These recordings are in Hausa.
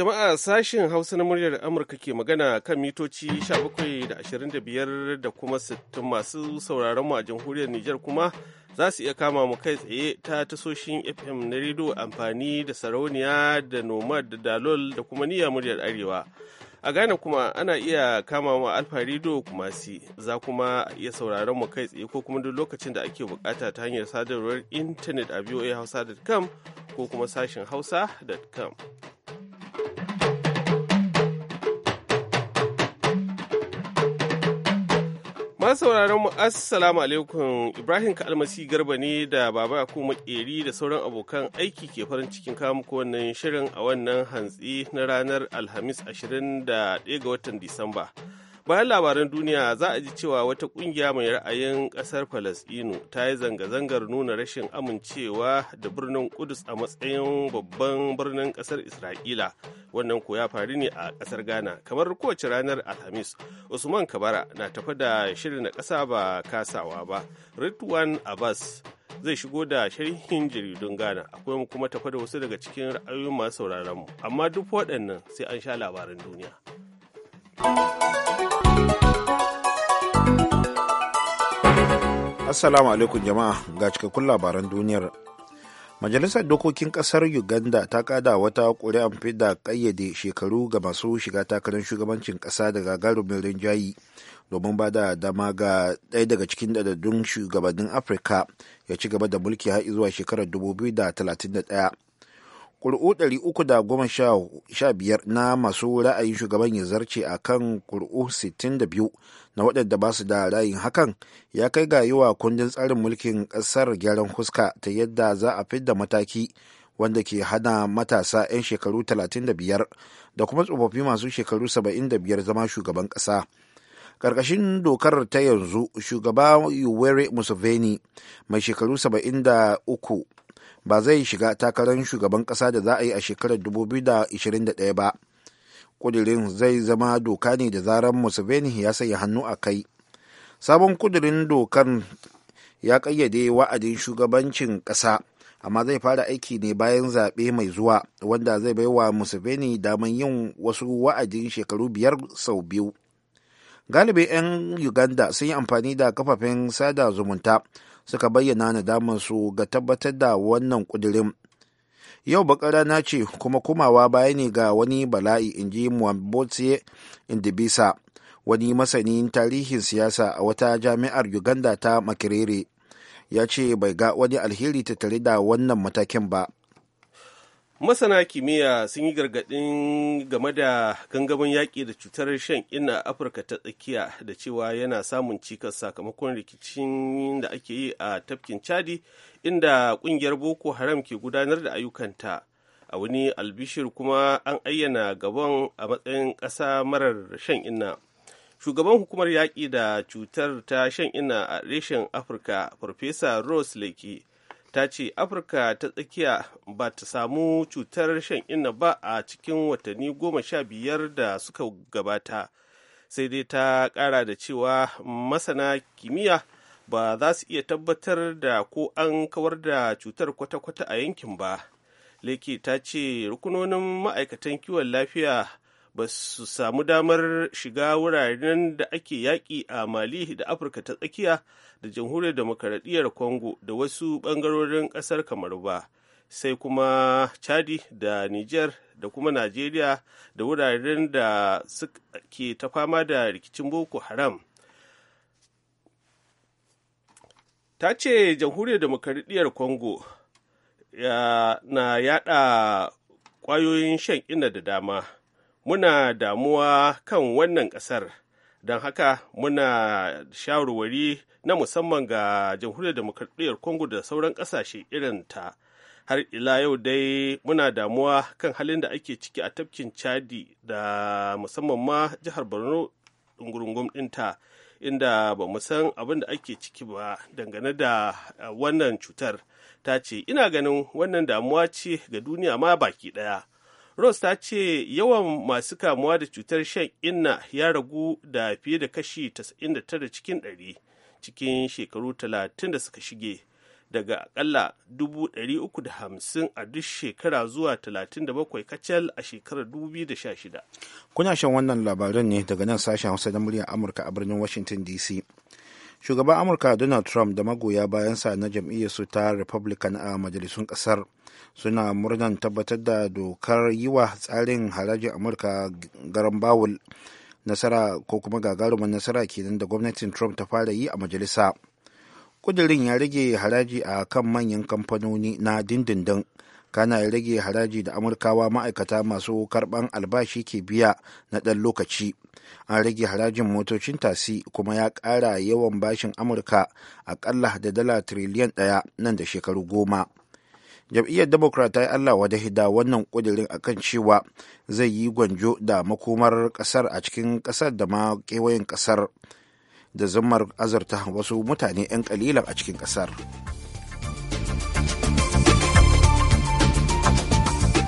Jama'a sashen Hausa na muryar Amurka ke magana kan mitoci 17.25 da kuma 60 masu sauraron mu a jamhuriyar Nijar kuma za su iya kama mu kai tsaye ta tasoshin FM na rido amfani da sarauniya da nomad da dalol da kuma niyya muryar Arewa. A Ghana kuma ana iya kama mu Alfa rido kuma si za kuma iya sauraron mu kai tsaye ko kuma duk lokacin da ake bukata ta hanyar sadarwar intanet a voahausa.com ko kuma sashen hausa.com. sauraron mu assalamu alaikum ibrahim kalmasi garba ne da baba ko makeri da sauran abokan aiki ke farin cikin muku wannan shirin a wannan hantsi na ranar alhamis 21 ga watan disamba bayan labaran duniya za a ji cewa wata kungiya mai ra'ayin kasar palestino ta yi zanga-zangar nuna rashin amincewa da birnin kudus a matsayin babban birnin kasar isra'ila wannan ko ya faru ne a kasar ghana kamar kowace ranar alhamis usman kabara na tafi da shirin da ƙasa ba kasawa ba ritwan abbas zai shigo da sharhin jaridun ghana akwai mu kuma tafi da wasu daga cikin ra'ayoyin masu sauraron mu amma duk waɗannan sai an sha labaran duniya thank you Assalamu alaikum jama'a ga cikakkun labaran duniyar. Majalisar Dokokin kasar Uganda ta kada wata ƙuri'an fida kayyade shekaru ga masu shiga takarar shugabancin ƙasa da gagarumin rinjayi domin ba da dama ga ɗaya daga cikin dadadun shugabannin Afirka ya ci gaba da mulki har zuwa shekarar 2031. ƙuri'u biyar na masu ra'ayin shugaban ya zarce a kan ƙuri'u 62 na waɗanda ba su da ra'ayin hakan ya kai ga yi kundin tsarin mulkin ƙasar gyaran huska ta yadda za a fidda mataki wanda ke hana matasa 'yan shekaru 35 da kuma tsofaffi masu shekaru 75 zama shugaban ƙasa. ƙarƙashin dokar ta yanzu shugaba yuwere museveni mai shekaru 73 ba zai shiga takarar shugaban ƙasa da za a yi a shekarar 2021 ba kudirin zai zama doka ne da zarar museveni ya sanya hannu a kai sabon kudirin dokar ya ƙayyade wa'adin shugabancin ƙasa amma zai fara aiki ne bayan zaɓe mai zuwa wanda zai bai wa museveni damar yin wasu wa'adin shekaru biyar sau biyu galibin 'yan uganda sun yi amfani da kafafen sada zumunta suka bayyana na su ga tabbatar da wannan kudirin yau bakara rana ce kuma kumawa baya ne ga wani bala'i in ji mwambotse indibisa wani masanin tarihin siyasa a wata jami'ar uganda ta makirere ya ce bai ga wani alheri tattare da wannan matakin ba masana kimiyya sun yi gargaɗin game da gangamin yaƙi da cutar shan ina afirka ta tsakiya da cewa yana samun cikas sakamakon rikicin da ake yi a tafkin chadi inda ƙungiyar boko haram ke gudanar da ayyukanta a wani albishir kuma an ayyana gabon a matsayin ƙasa marar shan ina. shugaban hukumar yaƙi da cutar ta shan Ina, a reshen afirka farfesa rose lake ta ce afirka ta tsakiya ba ta samu cutar shan inna ba a cikin watanni goma sha biyar da suka gabata sai dai ta kara da cewa masana kimiyya ba za su iya tabbatar da ko an kawar da cutar kwata-kwata a yankin ba leke ta ce rukunonin ma'aikatan kiwon lafiya ba su samu damar shiga wuraren da ake yaƙi a mali da afirka ta tsakiya da jamhuriyar demokaradiyyar congo da wasu ɓangarorin ƙasar kamar ba sai kuma chadi da niger da kuma najeriya da wuraren da ke ta fama da rikicin boko haram ta ce jamhuriyar demokaradiyyar congo na yada kwayoyin shan ina da dama muna damuwa kan wannan ƙasar don haka muna shawarwari na musamman ga jamhuriyar demokradiyyar congo da sauran ƙasashe ta. har ila yau dai muna damuwa kan halin da ake ciki a tafkin chadi da musamman ma jihar borno ɗungurungun ɗinta inda ba mu san abin da ake ciki ba dangane da eh, wannan cutar ta ce ina ganin wannan damuwa ce ga duniya ma baki ɗaya Rose ta ce yawan masu kamuwa da cutar shan inna ya ragu da fiye da kashi 99 cikin 100 cikin shekaru 30 da suka shige daga akalla 350 a duk shekara zuwa 37 kacal a shekarar 2016. Kuna shan wannan labaran ne daga nan sashen Hausa na muryar Amurka a birnin Washington DC. Shugaban Amurka Donald Trump da magoya bayansa na jam'iyyarsu ta Republican a majalisun ƙasar. suna murnan tabbatar da dokar yi wa tsarin harajin amurka garan bawul nasara ko kuma gagarumin nasara kenan da gwamnatin trump ta fara yi a majalisa kudirin ya rage haraji a kan manyan kamfanoni na dindindin kana ya rage haraji da amurkawa ma'aikata masu karban albashi ke biya na ɗan lokaci an rage harajin motocin tasi kuma ya ƙara yawan bashin amurka aƙalla da dala tiriliyan ɗaya nan da shekaru goma jam'iyyar democrat ta yi allah wa da wannan kudirin akan cewa zai yi gwanjo da makomar kasar a cikin kasar da ma kewayen kasar da zammar azurta wasu mutane 'yan kalilan a cikin kasar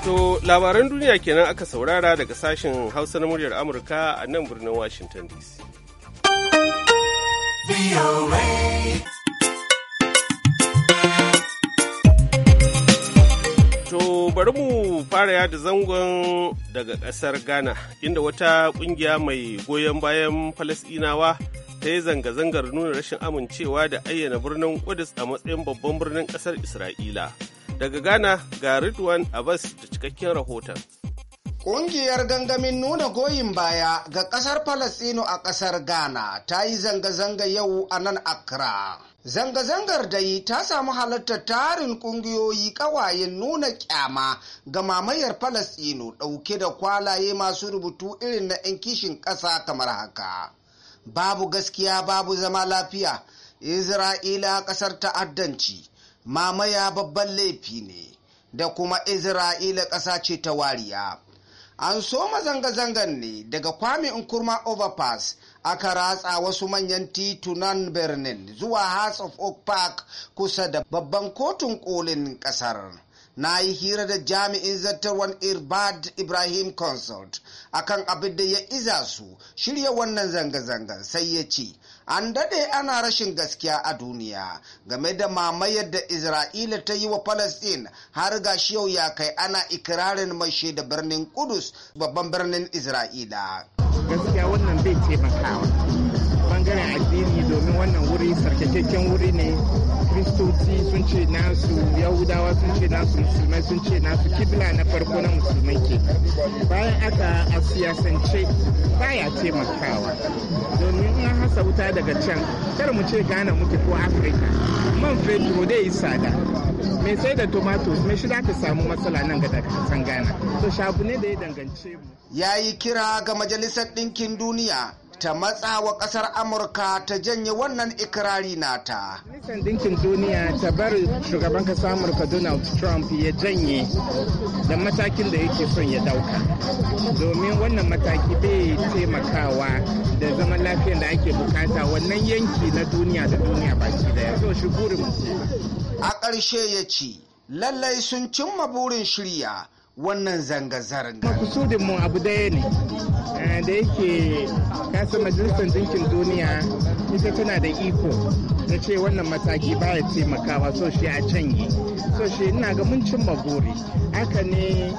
to labaran duniya kenan aka saurara daga sashen hausa na muryar amurka a nan birnin washington dc To bari mu fara yada zangon daga ƙasar Ghana, inda wata ƙungiya mai goyon bayan Falasɗinawa ta yi zanga-zangar nuna rashin amincewa da ayyana birnin Kudus a matsayin babban birnin ƙasar Isra'ila. Daga Ghana ga Ridwan Abbas da cikakken rahoton. Ƙungiyar gangamin nuna goyin baya ga ƙasar Falasino a ƙasar Ghana ta yi zanga-zanga yau a nan Accra. Zanga-zangar dai ta samu halartar tarin ƙungiyoyi ƙawayen nuna ƙyama ga mamayar Falasino ɗauke da kwalaye masu rubutu irin na 'yan kishin ƙasa kamar haka. Babu gaskiya babu zama lafiya, Isra'ila ƙasar ta'addanci, mamaya babban laifi ne, da kuma Isra'ila ƙasa ce ta wariya. an soma zanga zangan ne daga kwame nkurma overpass aka ratsa wasu manyan titunan birnin zuwa house of oak park kusa da babban kotun kolin kasar na yi hira da jami'in zartarwan irbad ibrahim consult akan abin da ya iza su shirya wannan zanga zangan sai ya ce an daɗe ana rashin gaskiya a duniya game da mamayar da isra'ila ta yi wa palestine har ga shi yau ya kai ana ikirarin mai shaida birnin kudus babban birnin isra'ila gaskiya wannan bai taimakawa bangaren addini wannan wuri sarkakakken wuri ne kristoci sun ce nasu yahudawa sun ce nasu musulmai sun ce nasu kibla na farko na musulmai ke bayan aka a siyasance baya taimakawa domin in hasa wuta daga can kar mu ce gana muke ko afirka man fetur dai sada mai sai da tomatoes mai shi ka samu matsala nan ga kasan ghana to shabu ne da ya dangance mu ya yi kira ga majalisar ɗinkin duniya ta matsa wa kasar amurka ta janye wannan ikirari nata nisan dinkin duniya ta bar shugaban kasa amurka donald trump ya janye da matakin da yake son ya dauka domin wannan mataki bai taimakawa da zaman lafiyar da ake bukata wannan yanki na duniya da duniya baki da ya shi a ƙarshe ya ce lallai sun cimma burin shirya wannan zanga-zanga. Makusudin mu abu daya ne Eh, da yake kasa majalisar dinkin duniya ita tana da iko ta ce wannan mataki baya taimakawa so shi a can yi so shi ina ga mun cin magori haka ne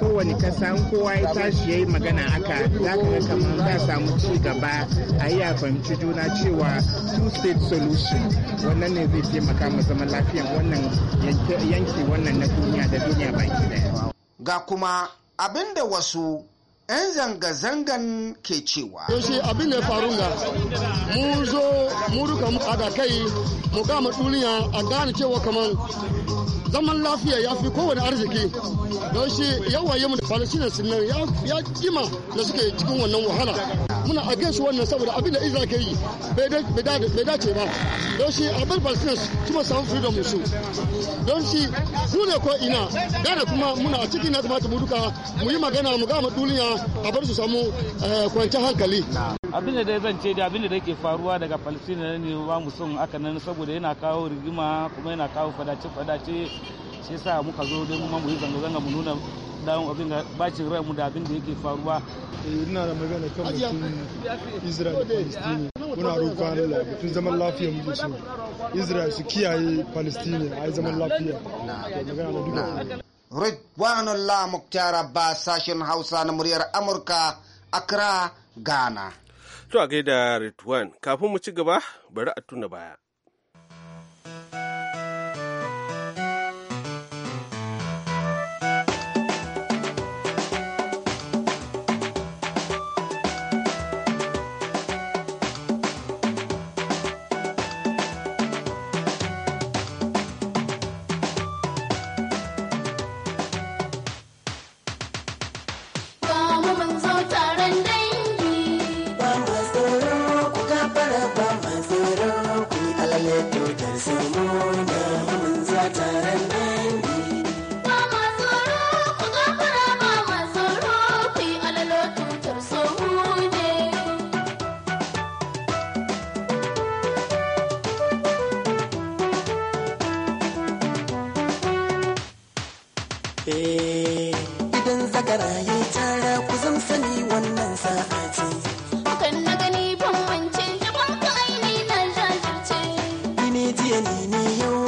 kowane kasa kowa ya tashi ya yi magana aka za ka ga kamar za samu ci gaba a yi a fahimci juna cewa two state solution wannan ne zai taimaka mu zaman lafiyan wannan yanke wannan na duniya da duniya baki daya ga kuma abin da wasu 'yan zanga-zangan ke cewa. Yaushe abin ya faru ga mu zo mu duka mu kai mu gama duniya a gane cewa kamar zaman lafiya ya fi kowane arziki don shi yawaye mu sun nan ya kima da suke cikin wannan wahala muna a su wannan saboda abin da israel ke yi bai dace ba don shi abin su ma samu freedom su don shi su ko ina gane kuma muna a cikin na zama ta mu yi magana mu gama duniya a bar su samu eh, kwanciyar hankali abin da dai zan ce da abin da ke faruwa daga palestina ne ba mu son aka nan saboda yana kawo rigima kuma yana kawo fadace fadace shi yasa muka zo dai mu mu yi zanga zanga mu nuna dawon abin da bacin rai mu da abin da yake faruwa eh, ina da magana kan mutum Israel da Palestine muna roƙon Allah mutum zaman lafiya muke so Israel su kiyaye Palestine a zaman lafiya la Muktar Abbas sashen Hausa na muryar Amurka Accra, Ghana. To a gaida Ritwan, kafin mu ci gaba, bari a tuna baya. ni jiya ni yau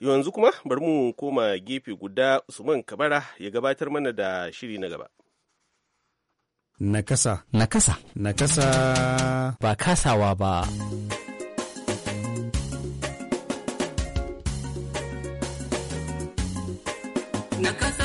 yanzu kuma bari mu koma gefe guda usman kabara ya gabatar mana da shiri na gaba nakasa nakasa nakasa ba kasawa ba nakasa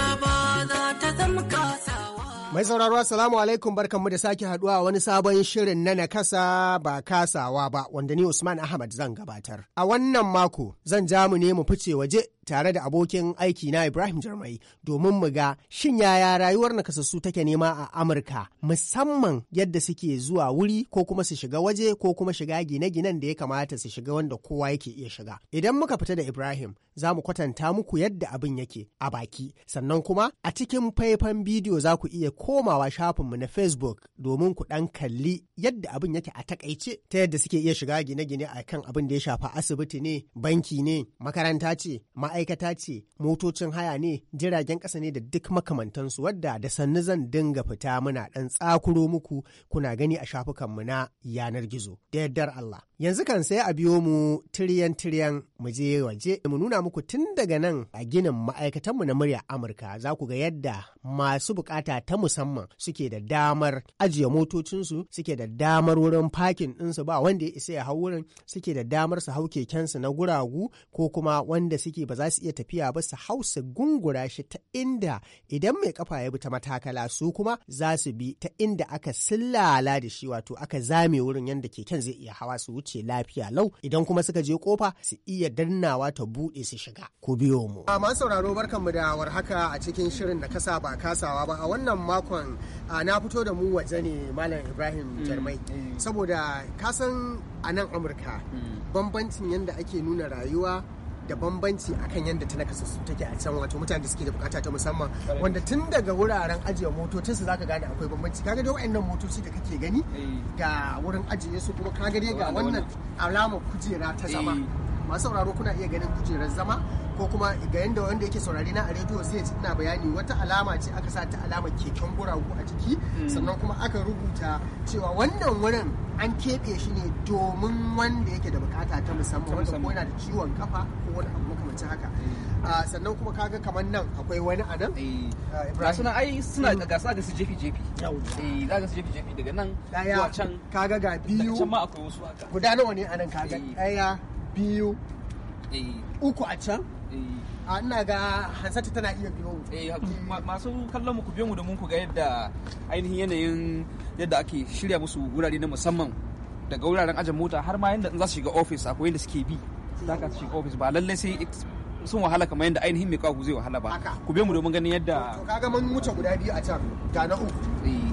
Mai sauraro Assalamu alaikum barkanmu da sake haduwa a wani sabon shirin na nakasa ba kasawa ba wanda ni Usman Ahmad zan gabatar. A wannan mako zan ja mu ne mu fice waje tare da abokin aiki na Ibrahim Jarmai domin mu ga shin yaya rayuwar nakasassu take nema a Amurka musamman yadda suke zuwa wuri ko kuma su shiga waje ko kuma shiga gine-ginen da ya kamata su shiga wanda kowa yake iya shiga. Idan muka fita da Ibrahim za mu kwatanta muku yadda abin yake a baki sannan kuma a cikin faifan bidiyo za ku iya komawa shafinmu na Facebook domin ku ɗan kalli yadda abin yake a takaice ta yadda suke iya shiga gine-gine a kan abin da ya shafa asibiti ne, banki ne, makaranta ce, ma'aikata ma'aikata ce motocin haya ne jiragen ƙasa ne da duk makamantansu wadda da sannu zan dinga fita muna ɗan tsakuro muku kuna gani a shafukanmu na yanar gizo da yardar Allah. Yanzu kan sai a biyo mu tiriyan tiriyan mu je waje mu nuna muku tun daga nan a ginin ma'aikatanmu na murya Amurka za ku ga yadda masu bukata ta musamman suke da damar ajiye motocinsu suke da damar wurin fakin ɗinsu ba wanda ya isa ya hau wurin suke da damar su hau kekensu na guragu ko kuma wanda suke ba za su iya tafiya ba su hausa gungura shi ta inda idan mai kafa ya bi ta matakala su kuma za su bi ta inda aka sillala da shi wato aka zame wurin yadda keken zai iya hawa su wuce lafiya lau idan kuma suka je kofa su iya dannawa ta buɗe su shiga ku biyo mu. a ah, masu sauraro barkanmu da warhaka a cikin shirin da kasa ba kasawa ba a wannan makon ah, na fito da mu waje ne malam ibrahim mm. jarmai mm. saboda kasan a nan amurka mm. bambancin yadda ake nuna rayuwa da bambanci akan yadda ta su take a can wato mutane da suke da bukata ta musamman wanda tun daga wuraren ajiye motocin su zaka gane akwai bambanci kaga dai wayannan motoci da kake gani eh. ga wurin ajiye su kuma kaga dai ga wannan alama kujera ta zama eh. masu sauraro kuna iya ganin kujerar zama ko kuma ga yadda wanda yake saurari na a rediyo sai ci ina bayani wata alama ce aka sa ta alamar keken guragu a jiki hmm. sannan kuma aka rubuta cewa wannan wurin an keɓe shi ne domin wanda yake da bukata ta musamman wanda ko yana da ciwon kafa ko wani abu makamancin haka mm. ah, sannan kuma kaga kamar nan akwai wani a nan eh, ah, ga suna ai suna ga mm. sa ga su jefi jefi eh, za ga su jefi jefi daga nan zuwa can kaga ga biyu can ma akwai wasu haka guda nawa ne a nan kaga daya eh. biyu uku a can a ina ga hansatu tana iya biyo mu eh masu kallon mu ku biyo mu domin ku ga yadda ainihin yanayin yadda ake shirya musu wurare na musamman daga wuraren ajin mota har ma yadda in za su shiga ofis akwai yadda suke bi za ka shiga ofis ba lallai sai sun wahala kamar yadda ainihin mai kawo zai wahala ba ku bi mu domin ganin yadda to kaga mun wuce guda biyu a can ga na uku eh.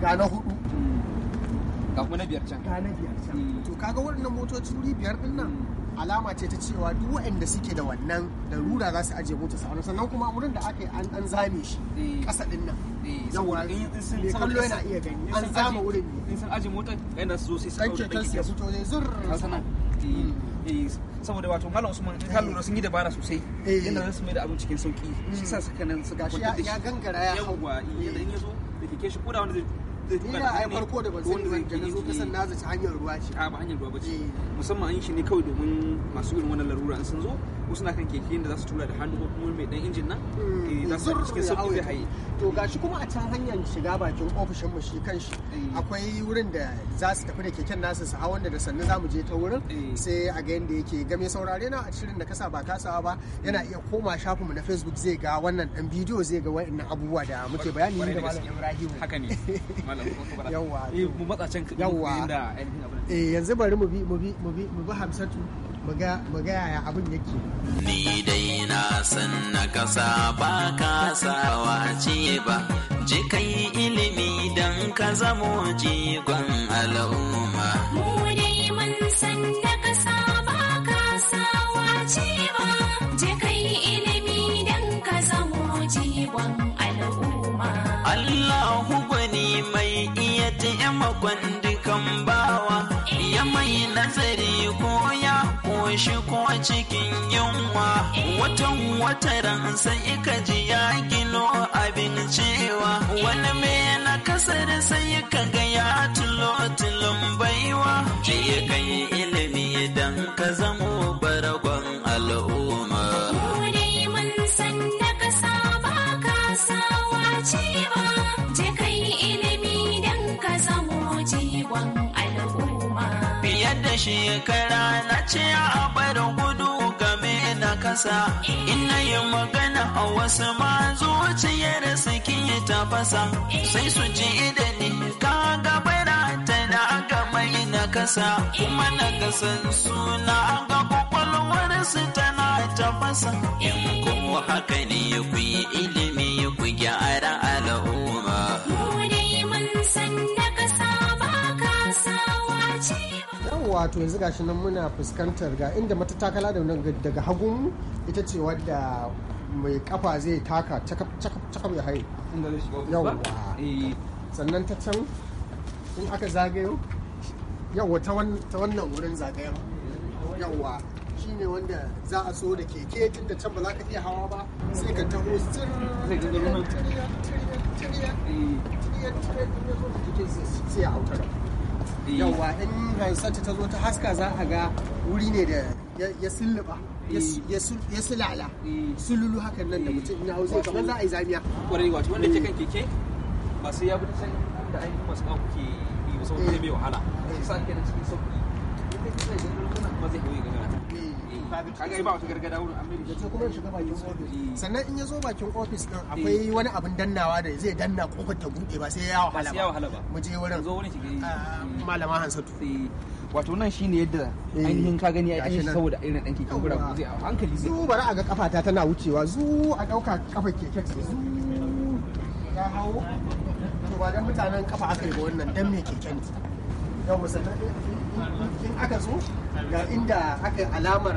ga na hudu hmm. ga kuma na biyar can ga na biyar can hmm. to kaga waɗannan motoci wuri biyar din nan hmm. alama ce ta cewa duk waɗanda suke da wannan da rura za su ajiye mota sa sannan kuma wurin da aka yi an zame shi eh. ƙasa din nan eh, yawa mai kallo yana iya gani an zama wurin ne in sun ajiye motar yana su zo sai su ya fito ne zurr sanan eh, saboda wato malam usman in ka lura sun yi dabara sosai yadda nan su mai da abin cikin sauki shi hmm. sa suka nan suka kwanta da shi ya gangara ya hawa yadda in ya zo da ke shi koda wanda zai zai tuka farko da ban sani ba da nazo na hanyar ruwa ce a ba hanyar ruwa ce. Eh. musamman an yi shi ne kawai domin masu irin wannan larura sun zo wasu na kan keke da za su tura da hannu ko kuma mai dan injin nan hmm, eh, za su cikin sauki da haye to gashi kuma a can hanyar shiga bakin ofishin mu shi kanshi eh. akwai wurin da za su tafi da keken nasu su hawan da sannu za mu je ta wurin sai a ga yanda yake game saurare na a shirin da ka sa ba ka sawa ba yana iya koma shafinmu na facebook zai ga wannan dan bidiyo zai ga wa'annan abubuwa da muke bayani da malam Ibrahim haka ne Eh, eh yanzu bari mu bi mu bi mu bi hamsatu mu ga mu ga yaya abin yake ni dai na san na kasa ba kasawa ce ba je kai ilimi dan ka zamo jigon al'umma ya makwandukan bawa ya mai nazari ko ya koshi ko cikin yunwa watan wataran sai ka ji ya gino abin cewa wani mai na kasar sai ka ga ya tulo tulun baiwa ya kai ilimi dan ka zamo shekara na ce a bar gudu game da kasa ina yin magana a wasu ma zuciyar kin yi tafasa sai su ji idani ni ka bara ta na gamai na kasa kuma na kasan suna ga kwakwalwar su tana tafasa in kuma haka ne ku yi ilimi ku gyara wato yanzu gashi nan muna fuskantar ga inda matattakala da daga hagun ita ce wadda mai kafa zai taka cakam ya haye yawwa sannan ta can in aka zagayo yawwa ta wannan wurin zagayen yawwa shi ne wanda za a so da keke tun da can ba za ka iya hawa ba sai ka taho tiriyar tiriyar tiriyar Eh. yauwa in ransarta ta zo ta haska za a ga wuri ne da ya sulluɓa ya eh. sulala eh. sululu hakan nan da mutum na hausa kamar za a yi zamiya ƙwarai wato wanda ke kan keke ba sai ya bi can da ainihin masu kawo kuke yi musamman zai mai wahala sai sa ake cikin sauki in kisa da kuma zai hauye ga kaga ba wata gargada wurin amerika kuma shiga bakin ofis sannan in ya zo bakin ofis din akwai eh. wani abin dannawa da zai danna kofar ta bude ba sai ya wahala ba mu je wurin zo wurin shiga ah, malama hansatu eh. wato nan shine yadda eh. ainihin ka gani ai saboda irin dan keke gura ko zai a hankali zai bari a ga kafata tana wucewa zu a dauka kafar keken sai zu ya hawo to ba dan mutanen kafa aka yi ba wannan dan me keken yau musamman in aka zo ga inda aka alamar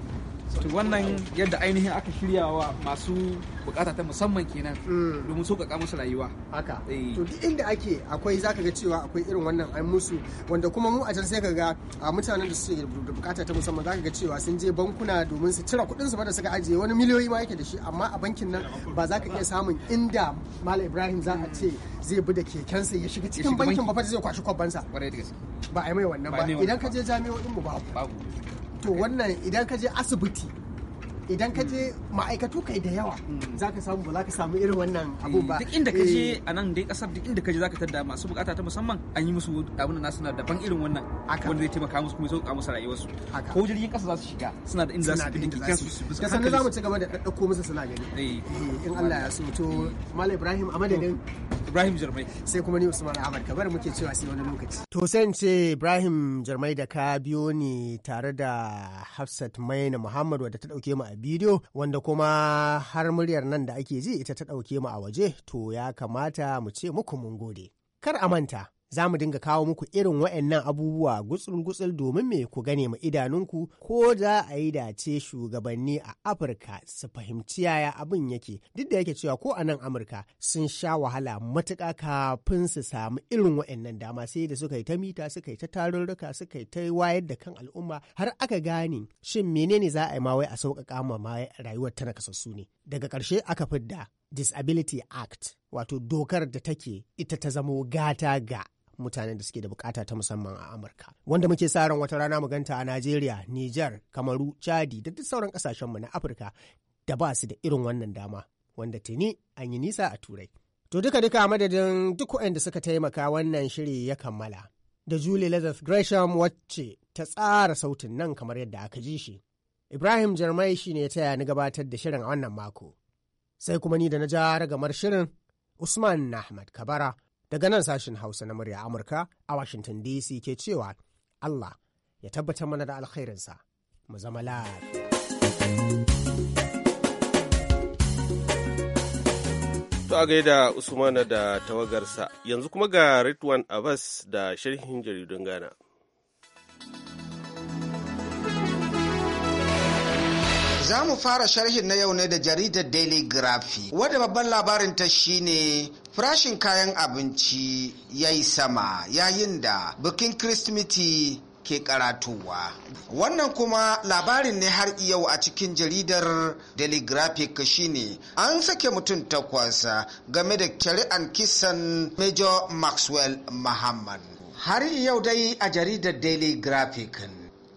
to wannan yadda ainihin aka shirya wa masu bukata ta musamman kenan mm. domin sauƙaƙa musu rayuwa haka eh. to duk inda ake akwai zaka ga cewa akwai irin wannan an musu wanda kuma mu a can sai ka ga mutanen da suke da bukata ta musamman zaka ga cewa sun je bankuna domin su cire kuɗin su ba da suka ajiye wani miliyoyi ma yake da shi amma a bankin nan ba za ka iya samun inda Malam Ibrahim za a ce zai bi da kekensa ya shiga cikin bankin ba fa zai kwashi kwabbansa ba a yi mai wannan ba idan ka je jami'o'in mu babu to wannan idan ka je asibiti idan ka je ma'aikatu kai da yawa hmm. za ka samu ba za ka samu irin wannan hmm. abu ba duk inda ka je eh. a nan dai kasar duk inda ka je za ka tadda masu bukata ta musamman an yi musu abin da suna daban irin wannan wanda zai taimaka musu kuma sauka musu rayuwarsu ko jirgin kasa za su shiga suna da inda za su bi dinkin su da za mu ci gaba da ɗaɗɗauko musu suna gani eh, in Allah ya so to Malam Ibrahim a madadin Ibrahim Jarmai. Sai kuma ni Usman Ahmad Kabar muke cewa sai wani lokaci. To sai ce Ibrahim Jarmai da ka biyo ni tare da Hafsat Maina Muhammad wadda ta dauke mu a bidiyo wanda kuma har muryar nan da ake ji ita ta dauke mu a waje to ya kamata mu ce muku mun gode. Kar a manta za mu dinga kawo muku irin wa'annan abubuwa gutsul-gutsul domin me ku gane mu idanunku ko za a yi dace shugabanni a Afirka su fahimci yaya abin yake duk da yake cewa ko a nan Amurka sun sha wahala matuka kafin su samu irin wa'annan dama sai da suka yi ta mita suka yi ta tarurruka suka yi ta wayar da kan al'umma har aka gane shin menene za a yi ma wai a sauƙaƙa ma rayuwar ta nakasassu ne daga ƙarshe aka fidda Disability Act wato dokar da take ita ta zamo gata ga mutanen da suke da bukata ta musamman a Amurka. Wanda muke sa ran wata rana mu ganta a Najeriya, Nijar, Kamaru, Chadi da duk sauran mu na Afirka da ba su da irin wannan dama wanda tuni an yi nisa a Turai. To duka duka a madadin duk da suka taimaka wannan shiri ya kammala. Da Julie Lazarus Gresham wacce ta tsara sautin nan kamar yadda aka ji shi. Ibrahim Jarmai shi ne taya ni gabatar da shirin a wannan mako. Sai kuma ni da na ja ragamar shirin Usman Ahmad Kabara Daga nan sashen Hausa na murya Amurka a Washington DC ke cewa Allah ya tabbatar mana da alkhairinsa. Mu zama To a gaida Usmana da tawagarsa yanzu kuma ga Ritwan Abbas da sharhin jaridun Gana. Za mu fara sharhin na yau ne da jaridar Daily Graphic, wadda babban labarin ta shine Farashin kayan abinci ya yi sama yayin da bikin Kirsimeti ke karatuwa. Wannan kuma labarin ne har yau a cikin jaridar Daily Graphic shine an sake mutum takwas game da an kisan Major Maxwell Muhammad. Har yau dai a jaridar Daily Graphic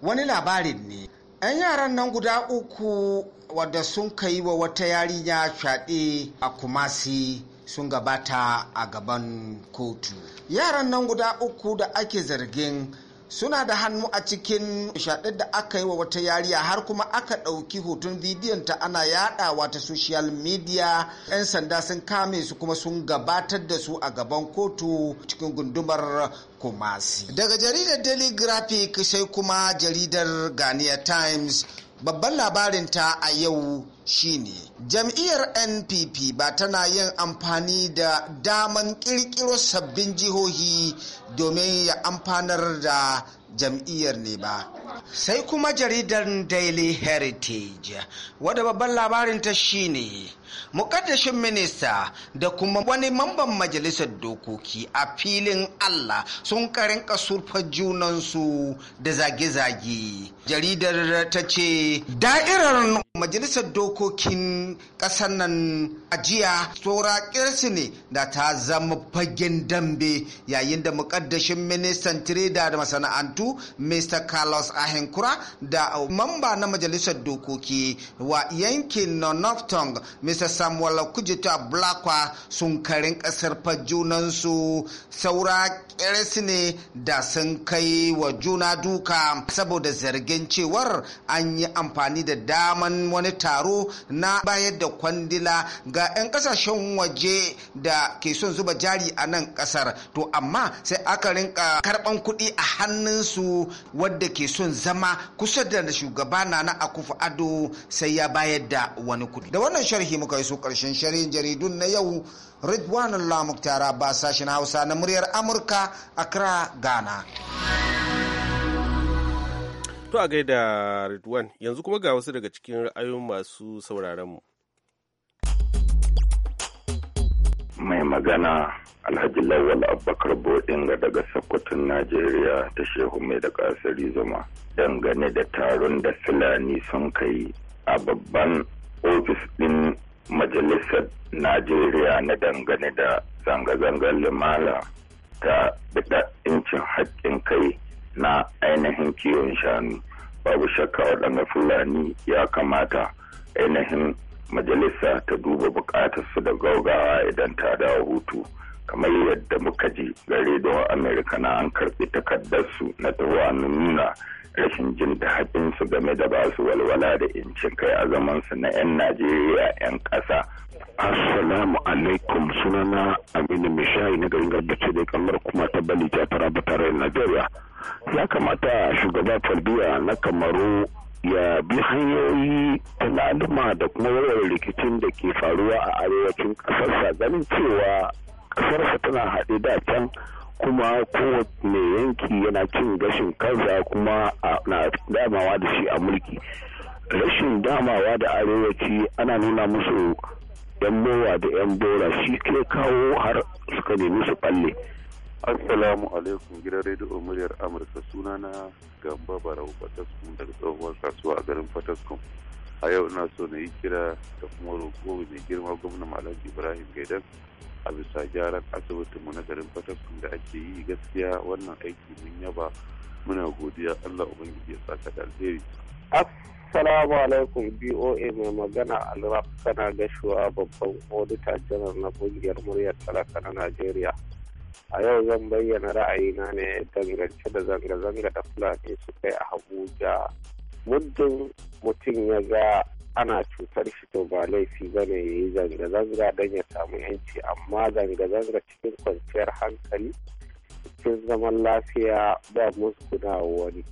wani labarin ne. 'Yan yaran nan guda uku wadda sun kai wa wata yarinya fyaɗe a Kumasi sun gabata a gaban kotu yaran nan guda uku da ake zargin suna da hannu a cikin shaɗar da aka yi wa wata yariya har kuma aka ɗauki hoton bidiyon ta ana yaɗawa ta social media 'yan sanda sun kame su kuma sun gabatar da su a gaban kotu cikin gundumar kumasi daga jaridar daily graphic sai kuma jaridar ghanaian times babban labarinta a yau shine jam'iyyar npp ba tana yin amfani da daman kirkiro sabbin jihohi domin ya amfanar da jam'iyyar ne ba sai kuma jaridar daily heritage wadda babban labarinta shine mukaddashin minista da kuma wani mamban majalisar dokoki a filin allah sun karinka surfar junansu da zage-zage jaridar ta ce da'irar majalisar dokokin ƙasar nan ajiya, jiya tsora ne da ta zama fagen dambe yayin da mukaddashin ministan tireda da masana'antu mr carlos ahenkura da mamba na majalisar dokoki wa yankin northern mr mr samuel ta blakwa sun karin kasar junansu saura kiris ne da sun kai wa juna duka saboda zargin cewar an yi amfani da daman wani taro na bayar da kwandila ga 'yan kasashen waje da ke son zuba jari a nan kasar to amma sai aka rinka karban kuɗi a hannunsu wadda ke son zama kusa da shugaba na na akufu ado sai ya bayar da wani kuɗi da wannan sharhi muka muka su karshen sharhin jaridun na yau ridwanul lamuk tara ba sashen hausa na muryar amurka kira ghana to a gaida ridwan yanzu kuma ga wasu daga cikin ra'ayoyin masu sauraron mu mai magana alhaji lawal abubakar bodinga daga sakkwatin najeriya ta shehu mai da kasari zuma dangane da taron da fulani sun kai a babban ofis din majalisar najeriya na dangane da zanga-zangar limala ta bida incin haƙƙin kai na ainihin kiwon shanu babu shakka waɗanda fulani ya kamata ainihin majalisa ta duba buƙatarsu da gaugawa idan ta dawo hutu. kamar yadda muka ji ga rediyon amerika na an takardar takardarsu na tawa nuna rashin jin da haƙinsu game da ba su walwala da incin kai a zamansu na 'yan najeriya 'yan ƙasa asalamu alaikum sunana aminu mishayi na garin garbace da kamar kuma ta bali jafara ba tare najeriya ya kamata shugaba falbiya na kamaru ya bi hanyoyi ta da kuma warware rikicin da ke faruwa a arewacin ƙasarsa ganin cewa kasarsa tana haɗe da can kuma kowane yanki yana cin gashin kansa kuma na damawa da shi a mulki rashin damawa da arewaci ana nuna musu yan bowa da yan bora shi ke kawo har suka nemi su balle assalamu alaikum gidan rediyo muryar amurka sunana gamba barau fataskum daga tsohuwar kasuwa a garin fataskum a yau ina so na yi kira da kuma roƙo mai girma gwamnan alhaji ibrahim gaidan a bisa gyaran asibitinmu na garin fatakun da ake yi gaskiya wannan aiki mun yaba muna godiya allah ubangiji ya saka da alheri Assalamu alaikum BOA mai magana Alraf kana gashuwa babban odita janar na kungiyar muryar talaka na Najeriya. A yau zan bayyana ra'ayina ne dangance da zanga-zanga da Fulani su kai a Abuja. Muddin mutum ya ga ana cutar shi to ba laifi ba ne ya yi zanga-zanga don ya samu yanci amma zanga-zanga cikin kwanciyar hankali cikin zaman lafiya ba musguna wani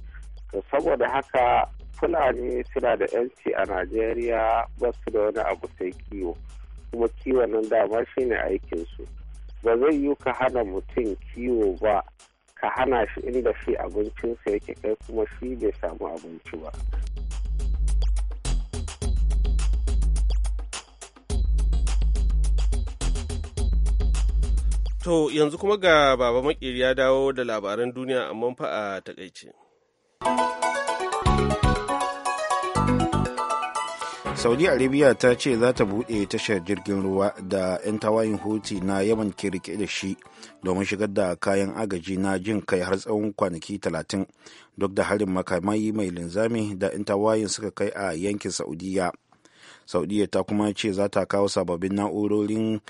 to saboda haka fulani suna da yanci a najeriya ba su da wani abu sai kiwo kuma kiwon nan dama shine aikinsu ba zai yi ka hana mutum kiwo ba ka hana shi inda shi abincinsa yake kai kuma shi bai samu abinci ba. To yanzu kuma ga baba makiri ya dawo da labaran duniya amma fa a takaice. saudi arabia ta ce za ta buɗe tashar jirgin ruwa da 'yan tawayin huti na yaman ke rike da shi domin shigar da kayan agaji na jin kai har tsawon kwanaki 30 duk da harin makamai mai linzami da 'yan tawayin suka kai a yankin saudiya saudiya ta kuma ce za ta kawo sababbin na'urorin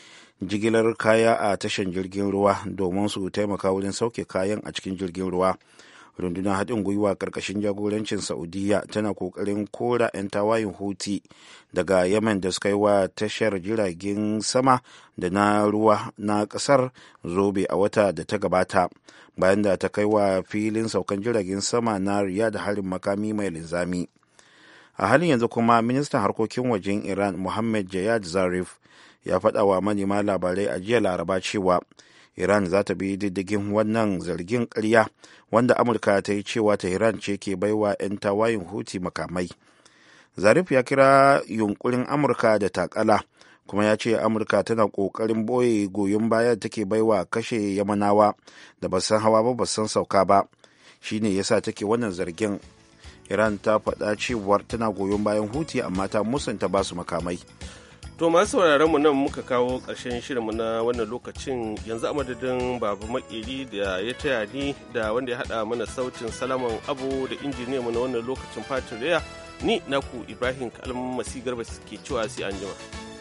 jigilar kaya a tashar jirgin ruwa domin su taimaka wurin sauke kayan a cikin jirgin ruwa rundunar haɗin gwiwa ƙarƙashin jagorancin saudiya tana ƙoƙarin kora 'yan tawayin huti daga yemen da suka yi wa tashar jiragen sama da na ruwa na ƙasar zobe a wata da ta gabata bayan da ta kai wa filin saukan jiragen sama na riya da harin makami mai linzami a halin yanzu kuma ministan harkokin wajen iran muhammad jayad zarif ya faɗa wa manema labarai a jiya laraba cewa iran za ta bi diddigin wannan zargin karya wanda amurka ta yi cewa tehran ce ke baiwa 'yan tawayin huti makamai zarif ya kira yunkurin amurka da takala kuma ya ce amurka tana ƙoƙarin boye goyon bayan take baiwa kashe yamanawa da basan hawa ba basan sauka ba shine yasa take wannan zargin iran ta faɗa cewar tana goyon bayan huti amma ta musanta ba su makamai to masu sauraron mu nan muka kawo ƙarshen shirinmu na wannan lokacin yanzu a madadin babu makeri da ya taya ni da wanda ya haɗa mana sautin salaman abu da injiniyanmu na wannan lokacin fatin ni naku ibrahim kalmasi garba ke cewa sai anjima.